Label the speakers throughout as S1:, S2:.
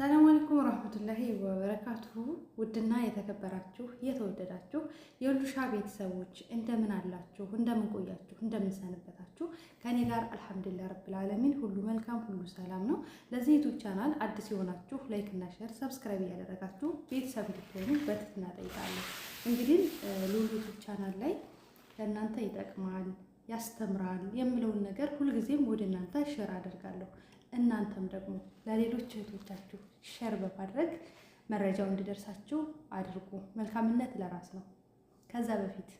S1: ሰላም አለይኩም ወራህመቱላሂ ወበረካቱሁ። ውድና የተከበራችሁ የተወደዳችሁ የሁሉሻ ቤተሰቦች እንደምን አላችሁ? እንደምን ቆያችሁ? እንደምን ሰነበታችሁ? ከኔ ጋር አልሐምዱሊላህ ረብል ዓለሚን ሁሉ መልካም፣ ሁሉ ሰላም ነው። ለዚህ ዩቲዩብ ቻናል አዲስ የሆናችሁ ላይክ እና ሰብስክራይብ እያደረጋችሁ ቤተሰብ እንድትሆኑ በትህትና ጠይቃለሁ። እንግዲህ ሉሉ ዩቲዩብ ቻናል ላይ ለእናንተ ይጠቅማል፣ ያስተምራል የምለውን ነገር ሁልጊዜም ወደ እናንተ ሸር አደርጋለሁ። እናንተም ደግሞ ለሌሎች እህቶቻችሁ ሸር በማድረግ መረጃው እንዲደርሳችሁ አድርጉ። መልካምነት ለራስ ነው። ከዛ በፊት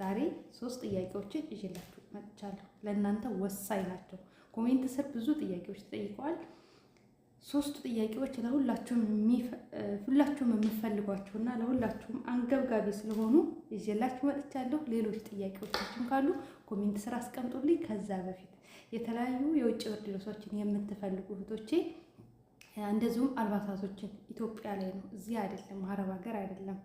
S1: ዛሬ ሶስት ጥያቄዎችን ይዤላችሁ መጥቻለሁ። ለእናንተ ወሳኝ ናቸው። ኮሜንት ስር ብዙ ጥያቄዎች ተጠይቀዋል። ሶስቱ ጥያቄዎች ለሁላችሁም የምፈልጓቸውና ለሁላችሁም አንገብጋቢ ስለሆኑ ይዤላችሁ መጥቻለሁ። ሌሎች ጥያቄዎቻችን ካሉ ኮሜንት ስር አስቀምጡልኝ። ከዛ በፊት የተለያዩ የውጭ ብርድ ልብሶችን የምትፈልጉ እህቶቼ እንደዚሁም አልባሳቶችን ኢትዮጵያ ላይ ነው፣ እዚህ አይደለም፣ አረብ ሀገር አይደለም፣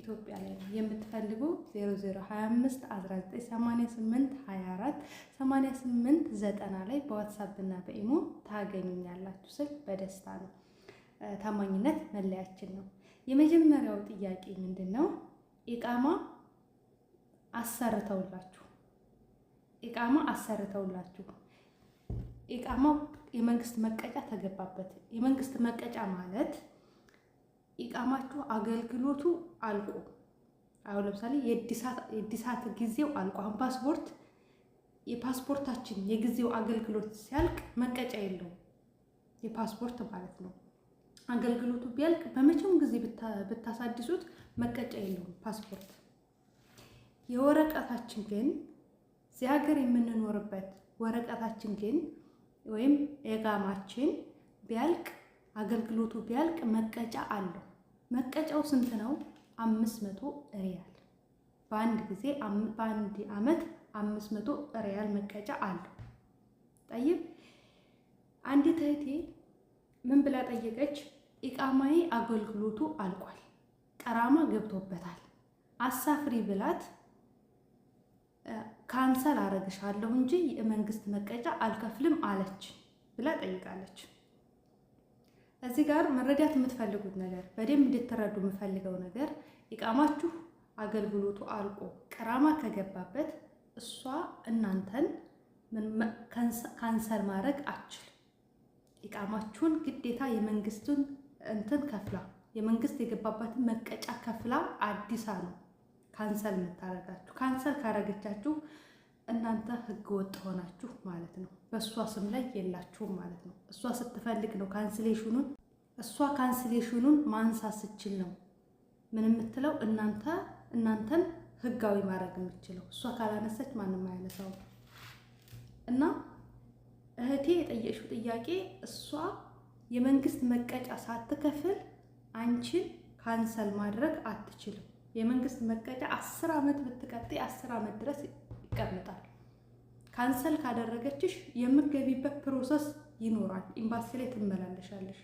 S1: ኢትዮጵያ ላይ ነው የምትፈልጉ 0025 1988 ላይ በዋትሳፕ እና በኢሞ ታገኙኛላችሁ ስል በደስታ ነው። ታማኝነት መለያችን ነው። የመጀመሪያው ጥያቄ ምንድን ነው? ኢቃማ አሰርተውላችሁ ኢቃማ አሰርተውላችሁ ኢቃማው የመንግስት መቀጫ ተገባበት። የመንግስት መቀጫ ማለት ኢቃማችሁ አገልግሎቱ አልቆ አሁን ለምሳሌ የእድሳት ጊዜው አልቆ አሁን ፓስፖርት የፓስፖርታችን የጊዜው አገልግሎት ሲያልቅ መቀጫ የለውም የፓስፖርት ማለት ነው። አገልግሎቱ ቢያልቅ በመቼውም ጊዜ ብታሳድሱት መቀጫ የለውም ፓስፖርት። የወረቀታችን ግን እዚህ ሀገር የምንኖርበት ወረቀታችን ግን ወይም ኤጋማችን ቢያልቅ አገልግሎቱ ቢያልቅ መቀጫ አለው። መቀጫው ስንት ነው? አምስት መቶ ሪያል በአንድ ጊዜ በአንድ ዓመት አምስት መቶ ሪያል መቀጫ አለው። ጠይብ አንዲት እህቴ ምን ብላ ጠየቀች? ኢቃማዬ አገልግሎቱ አልቋል፣ ቀራማ ገብቶበታል፣ አሳፍሪ ብላት ካንሰል አረግሻለሁ እንጂ የመንግስት መቀጫ አልከፍልም አለች ብላ ጠይቃለች። እዚህ ጋር መረዳት የምትፈልጉት ነገር በደንብ እንድትረዱ የምፈልገው ነገር ይቃማችሁ አገልግሎቱ አልቆ ቅራማ ከገባበት እሷ እናንተን ካንሰል ማድረግ አችል ይቃማችሁን ግዴታ የመንግስቱን እንትን ከፍላ የመንግስት የገባበትን መቀጫ ከፍላ አዲሳ ነው ካንሰል የምታረጋችሁ። ካንሰል ካረገቻችሁ እናንተ ህገ ወጥ ሆናችሁ ማለት ነው። በእሷ ስም ላይ የላችሁም ማለት ነው። እሷ ስትፈልግ ነው ካንስሌሽኑን እሷ ካንስሌሽኑን ማንሳት ስችል ነው ምን የምትለው እናንተ እናንተን ህጋዊ ማድረግ የምችለው እሷ ካላነሳች ማንም አያነሳው እና እህቴ የጠየቅሽው ጥያቄ እሷ የመንግስት መቀጫ ሳትከፍል አንቺን ካንሰል ማድረግ አትችልም። የመንግስት መቀጫ አስር ዓመት ብትቀጤ አስር ዓመት ድረስ ይቀመጣል። ካንሰል ካደረገችሽ የምገቢበት ፕሮሰስ ይኖራል። ኢምባሲ ላይ ትመላለሻለሽ።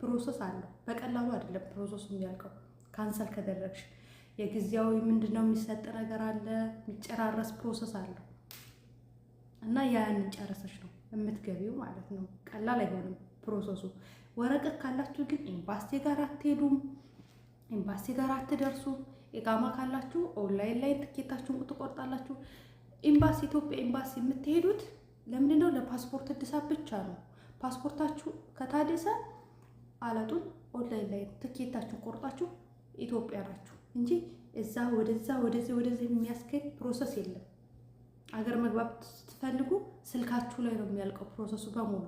S1: ፕሮሰስ አለው። በቀላሉ አይደለም ፕሮሰሱ የሚያልቀው። ካንሰል ከደረግሽ የጊዜያዊ ምንድን ነው የሚሰጥ ነገር አለ፣ የሚጨራረስ ፕሮሰስ አለው እና ያን ጨረሰች ነው የምትገቢው ማለት ነው። ቀላል አይሆንም ፕሮሰሱ። ወረቀት ካላችሁ ግን ኤምባሲ ጋር አትሄዱም፣ ኤምባሲ ጋር አትደርሱም። ኢቃማ ካላችሁ ኦንላይን ላይ ትኬታችሁን ትቆርጣላችሁ። ኤምባሲ ኢትዮጵያ ኤምባሲ የምትሄዱት ለምንድነው ነው? ለፓስፖርት እድሳት ብቻ ነው። ፓስፖርታችሁ ከታደሰ አለጡን ኦንላይን ላይ ትኬታችሁን ቆርጣችሁ ኢትዮጵያ ናችሁ እንጂ እዛ ወደዛ ወደዚህ ወደዚህ የሚያስኬድ ፕሮሰስ የለም። አገር መግባት ስትፈልጉ ስልካችሁ ላይ ነው የሚያልቀው ፕሮሰሱ በሙሉ።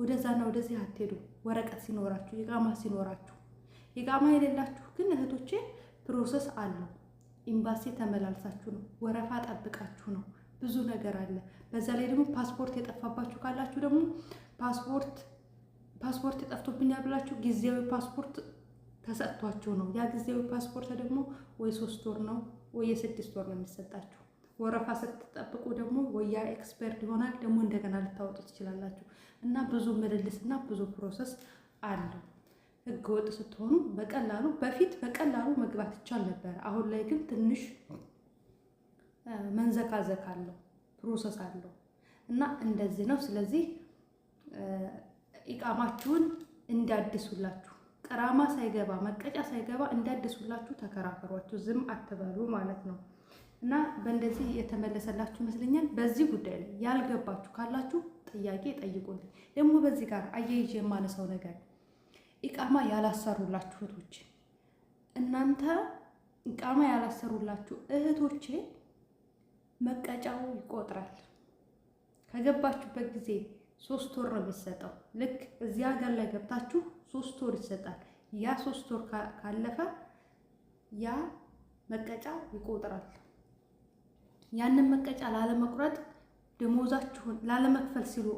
S1: ወደዛና ወደዚህ አትሄዱ። ወረቀት ሲኖራችሁ ይቃማ ሲኖራችሁ ይቃማ የሌላችሁ ግን እህቶቼ ፕሮሰስ አለው። ኤምባሲ ተመላልሳችሁ ነው፣ ወረፋ ጠብቃችሁ ነው፣ ብዙ ነገር አለ። በዛ ላይ ደግሞ ፓስፖርት የጠፋባችሁ ካላችሁ ደግሞ ፓስፖርት ፓስፖርት ጠፍቶብኛል ብላችሁ ጊዜያዊ ፓስፖርት ተሰጥቷችሁ ነው። ያ ጊዜያዊ ፓስፖርት ደግሞ ወይ ሶስት ወር ነው ወይ የስድስት ወር ነው የሚሰጣችሁ። ወረፋ ስትጠብቁ ደግሞ ወይ ያ ኤክስፐርት ይሆናል ደግሞ እንደገና ልታወጡ ትችላላችሁ። እና ብዙ ምልልስ እና ብዙ ፕሮሰስ አለው። ህገ ወጥ ስትሆኑ በቀላሉ በፊት በቀላሉ መግባት ይቻል ነበር አሁን ላይ ግን ትንሽ መንዘካዘካ አለው፣ ፕሮሰስ አለው እና እንደዚህ ነው። ስለዚህ ኢቃማችሁን እንዲያድሱላችሁ ቀራማ ሳይገባ መቀጫ ሳይገባ እንዲያድሱላችሁ ተከራከሯችሁ፣ ዝም አትበሉ ማለት ነው። እና በእንደዚህ የተመለሰላችሁ ይመስለኛል። በዚህ ጉዳይ ላይ ያልገባችሁ ካላችሁ ጥያቄ ጠይቁልኝ። ደግሞ በዚህ ጋር አያይዤ የማነሳው ነገር ኢቃማ ያላሰሩላችሁ እህቶች እናንተ ኢቃማ ያላሰሩላችሁ እህቶቼ መቀጫው ይቆጥራል። ከገባችሁበት ጊዜ ሶስት ወር ነው የሚሰጠው። ልክ እዚህ ሀገር ላይ ገብታችሁ ሶስት ወር ይሰጣል። ያ ሶስት ወር ካለፈ ያ መቀጫ ይቆጥራል። ያንን መቀጫ ላለመቁረጥ ደሞዛችሁን ላለመክፈል ሲሉ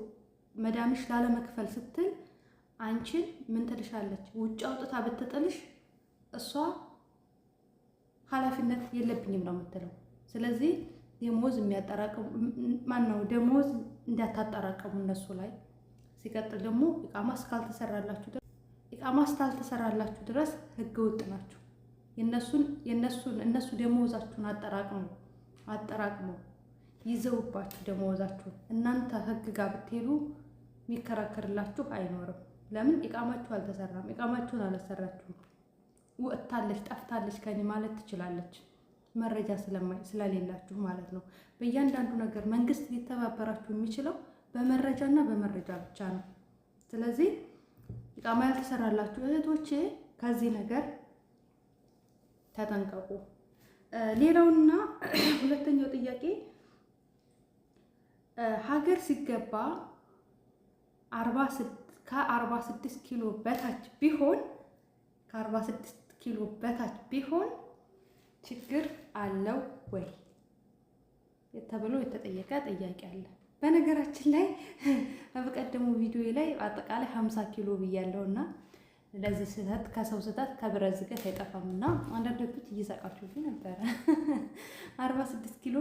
S1: መዳምሽ ላለመክፈል ስትል አንቺን ምን ትልሻለች? ውጭ አውጥታ ብትጥልሽ እሷ ኃላፊነት የለብኝም ነው የምትለው። ስለዚህ ደሞዝ የሚያጠራቅሙ ነው? ደሞዝ እንዳታጠራቀሙ እነሱ ላይ። ሲቀጥል ደግሞ ኢቃማ እስካልተሰራላችሁ ድረስ ኢቃማ እስካልተሰራላችሁ ድረስ ህገ ወጥ ናችሁ። የነሱን የነሱን እነሱ ደሞዛችሁን አጠራቅሙ አጠራቅሙ ይዘውባችሁ ደሞዛችሁን እናንተ ህግ ጋር ብትሄዱ የሚከራከርላችሁ አይኖርም። ለምን እቃማችሁ አልተሰራም? እቃማችሁን አላሰራችሁም። ወጥታለች፣ ጠፍታለች ከኔ ማለት ትችላለች። መረጃ ስለሌላችሁ ማለት ነው። በእያንዳንዱ ነገር መንግስት ሊተባበራችሁ የሚችለው በመረጃ እና በመረጃ ብቻ ነው። ስለዚህ ኢቃማ ያልተሰራላችሁ እህቶቼ ከዚህ ነገር ተጠንቀቁ። ሌላውና ሁለተኛው ጥያቄ ሀገር ሲገባ አርባ ስድስት ከ46 ኪሎ በታች ቢሆን ከ46 ኪሎ በታች ቢሆን ችግር አለው ወይ ተብሎ የተጠየቀ ጥያቄ አለ። በነገራችን ላይ በቀደሙ ቪዲዮ ላይ አጠቃላይ 50 ኪሎ ብያለሁ እና ለዚህ ስህተት ከሰው ስህተት ከብረት ዝገት አይጠፋም እና አንዳንዶቹት እየሳቃችሁ ነበረ። 46 ኪሎ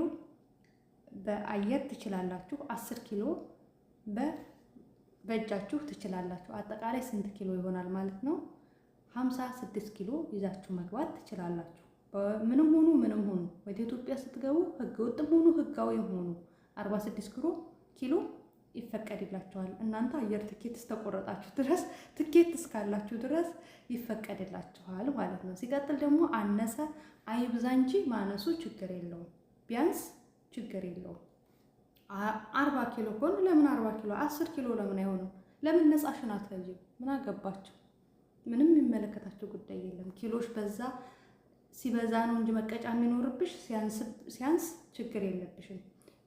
S1: በአየር ትችላላችሁ። 10 ኪሎ በ በእጃችሁ ትችላላችሁ። አጠቃላይ ስንት ኪሎ ይሆናል ማለት ነው? 56 ስድስት ኪሎ ይዛችሁ መግባት ትችላላችሁ። ምንም ሆኑ ምንም ሆኑ ወደ ኢትዮጵያ ስትገቡ ህገ ወጥም ሆኑ ህጋዊ ሆኑ 46 ኪሎ ኪሎ ይፈቀድላችኋል። እናንተ አየር ትኬት እስተቆረጣችሁ ድረስ ትኬት እስካላችሁ ድረስ ይፈቀድላችኋል ማለት ነው። ሲቀጥል ደግሞ አነሰ አይብዛ እንጂ ማነሱ ችግር የለውም ቢያንስ ችግር የለውም። አርባ ኪሎ ከሆነ ለምን አርባ ኪሎ አስር ኪሎ ለምን አይሆኑ ለምን ነጻሽን ሽን አትለይም? ምን አገባቸው? ምንም የሚመለከታቸው ጉዳይ የለም። ኪሎሽ በዛ ሲበዛ ነው እንጂ መቀጫ የሚኖርብሽ ሲያንስ ችግር የለብሽም።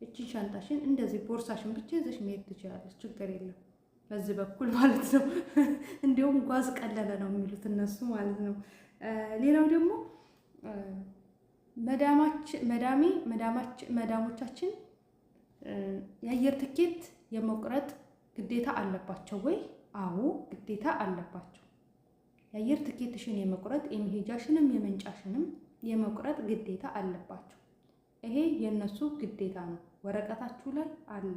S1: እቺን ሻንጣሽን እንደዚህ ቦርሳሽን ብቻ ይዘሽ መሄድ ትችላለች። ችግር የለም በዚህ በኩል ማለት ነው። እንዲሁም ጓዝ ቀለለ ነው የሚሉት እነሱ ማለት ነው። ሌላው ደግሞ መዳማች መዳሜ መዳሞቻችን የአየር ትኬት የመቁረጥ ግዴታ አለባቸው ወይ? አዎ ግዴታ አለባቸው። የአየር ትኬትሽን የመቁረጥ የመሄጃሽንም የመንጫሽንም የመቁረጥ ግዴታ አለባቸው። ይሄ የእነሱ ግዴታ ነው። ወረቀታችሁ ላይ አለ።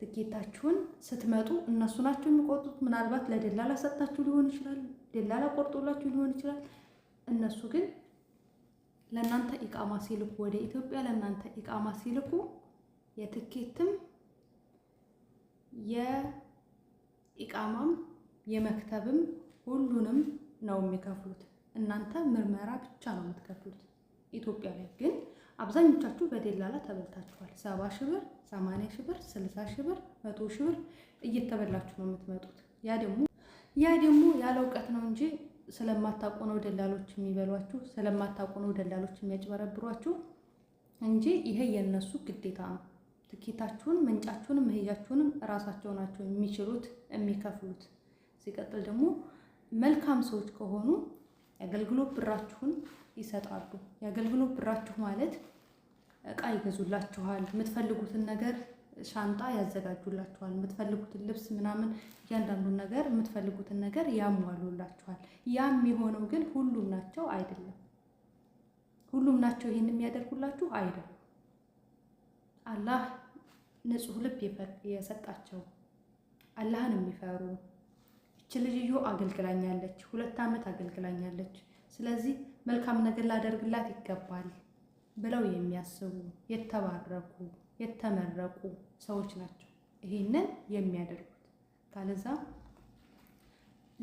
S1: ትኬታችሁን ስትመጡ እነሱ ናቸው የሚቆርጡት። ምናልባት ለደላላ ሰጥታችሁ ሊሆን ይችላል። ደላላ ቆርጦላችሁ ሊሆን ይችላል። እነሱ ግን ለእናንተ ኢቃማ ሲልኩ ወደ ኢትዮጵያ ለእናንተ ኢቃማ ሲልኩ የትኬትም የኢቃማም የመክተብም ሁሉንም ነው የሚከፍሉት። እናንተ ምርመራ ብቻ ነው የምትከፍሉት። ኢትዮጵያ ላይ ግን አብዛኞቻችሁ በደላላ ተበልታችኋል። ሰባ ሺህ ብር፣ ሰማንያ ሺህ ብር፣ ስልሳ ሺህ ብር፣ መቶ ሺህ ብር እየተበላችሁ ነው የምትመጡት። ያ ደግሞ ያ ደግሞ ያለ እውቀት ነው እንጂ ስለማታውቁ ነው ደላሎች የሚበሏችሁ፣ ስለማታውቁ ነው ደላሎች የሚያጭበረብሯችሁ እንጂ ይሄ የነሱ ግዴታ ነው። ትኬታችሁን፣ መንጫቸውንም መሄጃችሁንም እራሳቸው ናቸው የሚችሉት የሚከፍሉት። ሲቀጥል ደግሞ መልካም ሰዎች ከሆኑ የአገልግሎት ብራችሁን ይሰጣሉ። የአገልግሎት ብራችሁ ማለት እቃ ይገዙላችኋል፣ የምትፈልጉትን ነገር ሻንጣ ያዘጋጁላችኋል። የምትፈልጉትን ልብስ ምናምን እያንዳንዱን ነገር የምትፈልጉትን ነገር ያሟሉላችኋል። ያም የሆነው ግን ሁሉም ናቸው አይደለም። ሁሉም ናቸው ይህን የሚያደርጉላችሁ አይደለም። አላህ ንጹህ ልብ የሰጣቸው አላህን የሚፈሩ እች ልጅዮ አገልግላኛለች፣ ሁለት ዓመት አገልግላኛለች፣ ስለዚህ መልካም ነገር ላደርግላት ይገባል ብለው የሚያስቡ የተባረኩ የተመረቁ ሰዎች ናቸው ይህንን የሚያደርጉት። ካለዛ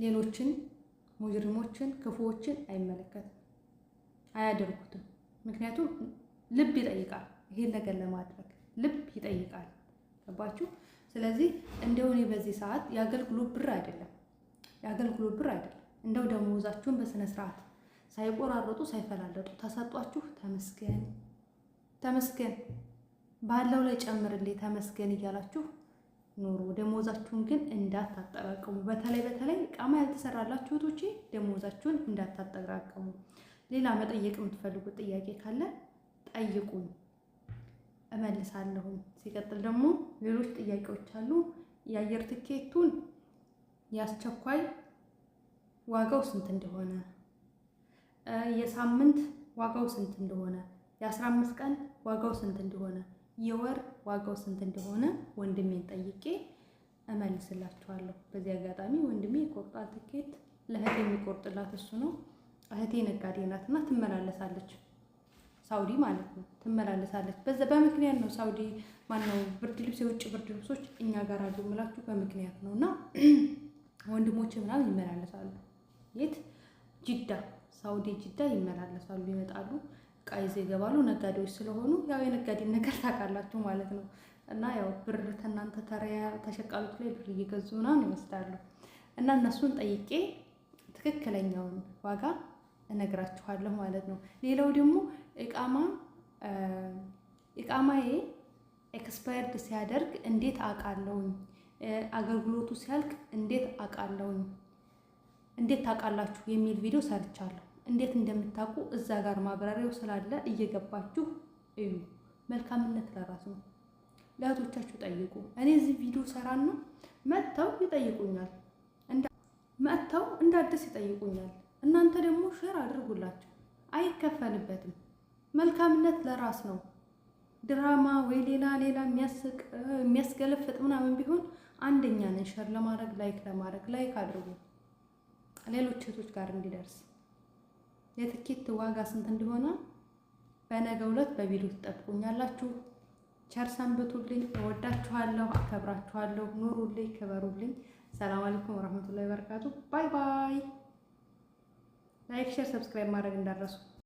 S1: ሌሎችን ሙጅሪሞችን፣ ክፉዎችን አይመለከትም፣ አያደርጉትም። ምክንያቱም ልብ ይጠይቃል። ይሄን ነገር ለማድረግ ልብ ይጠይቃል። ገባችሁ? ስለዚህ እንደው እኔ በዚህ ሰዓት የአገልግሎት ብር አይደለም የአገልግሎት ብር አይደለም። እንደው ደሞዛችሁን በስነ ስርዓት ሳይቆራረጡ ሳይፈላለጡ ተሰጧችሁ፣ ተመስገን ተመስገን። ባለው ላይ ጨምርልኝ ተመስገን እያላችሁ ኑሮ ደሞዛችሁን ግን እንዳታጠራቅሙ። በተለይ በተለይ ቃማ ያልተሰራላችሁ እህቶቼ ደሞዛችሁን እንዳታጠራቅሙ። ሌላ መጠየቅ የምትፈልጉት ጥያቄ ካለ ጠይቁኝ፣ እመልሳለሁ። ሲቀጥል ደግሞ ሌሎች ጥያቄዎች አሉ። የአየር ትኬቱን የአስቸኳይ ዋጋው ስንት እንደሆነ፣ የሳምንት ዋጋው ስንት እንደሆነ፣ የአስራ አምስት ቀን ዋጋው ስንት እንደሆነ የወር ዋጋው ስንት እንደሆነ ወንድሜን ጠይቄ እመልስላችኋለሁ። በዚህ አጋጣሚ ወንድሜ ይቆርጣል ትኬት ለእህቴ የሚቆርጥላት እሱ ነው። እህቴ ነጋዴ ናት እና ትመላለሳለች፣ ሳውዲ ማለት ነው ትመላለሳለች። በዛ በምክንያት ነው ሳውዲ ማነው ብርድ ልብስ የውጭ ብርድ ልብሶች እኛ ጋር አሉ የምላችሁ በምክንያት ነው። እና ወንድሞች ምናምን ይመላለሳሉ። የት ጅዳ፣ ሳውዲ ጅዳ ይመላለሳሉ፣ ይመጣሉ። እቃ ይዘው ይገባሉ። ነጋዴዎች ስለሆኑ ያው የነጋዴን ነገር ታውቃላችሁ ማለት ነው። እና ያው ብር ከእናንተ ተሪያ ተሸቃሉት ላይ ብር እየገዙ ምናምን ይወስዳሉ። እና እነሱን ጠይቄ ትክክለኛውን ዋጋ እነግራችኋለሁ ማለት ነው። ሌላው ደግሞ እቃማ እቃማዬ ኤክስፓየርድ ሲያደርግ እንዴት አውቃለሁኝ? አገልግሎቱ ሲያልቅ እንዴት አውቃለሁኝ? እንዴት ታውቃላችሁ የሚል ቪዲዮ ሰርቻለሁ። እንዴት እንደምታውቁ እዛ ጋር ማብራሪያው ስላለ እየገባችሁ እዩ። መልካምነት ለራስ ነው። ለእህቶቻችሁ ጠይቁ። እኔ እዚህ ቪዲዮ ሰራና መጥተው ይጠይቁኛል፣ መጥተው እንደ አዲስ ይጠይቁኛል። እናንተ ደግሞ ሼር አድርጉላቸው፣ አይከፈልበትም። መልካምነት ለራስ ነው። ድራማ ወይ ሌላ ሌላ የሚያስገለፍጥ ምናምን ቢሆን አንደኛ ነን ሸር ለማድረግ ላይክ ለማድረግ ላይክ አድርጉ ሌሎች እህቶች ጋር እንዲደርስ የትኬት ዋጋ ስንት እንደሆነ በነገ ዕለት በቪዲዮ ትጠብቁኛላችሁ። ቸር ሰንብቱልኝ። እወዳችኋለሁ፣ አከብራችኋለሁ። ኑሩልኝ፣ ክበሩልኝ። ሰላም አለይኩም ወራህመቱላሂ ወበረካቱ። ባይ ባይ። ላይክ፣ ሼር፣ ሰብስክራይብ ማድረግ እንዳረሱ